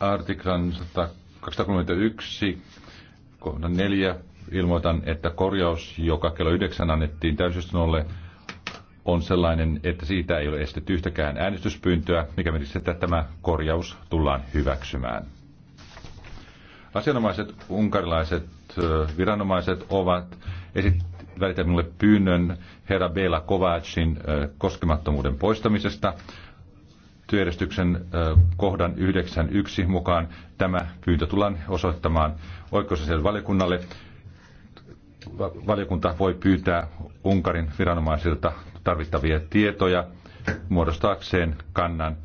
artiklan 231 kohdan 4 ilmoitan, että korjaus, joka kello 9 annettiin täysistunnolle, on sellainen, että siitä ei ole estetty yhtäkään äänestyspyyntöä, mikä merkitsee, että tämä korjaus tullaan hyväksymään. Asianomaiset unkarilaiset viranomaiset ovat esittäneet minulle pyynnön herra Bela Kovacin koskemattomuuden poistamisesta työjärjestyksen kohdan 9.1 mukaan tämä pyyntö tullaan osoittamaan oikeusasian valiokunnalle. Valiokunta voi pyytää Unkarin viranomaisilta tarvittavia tietoja muodostaakseen kannan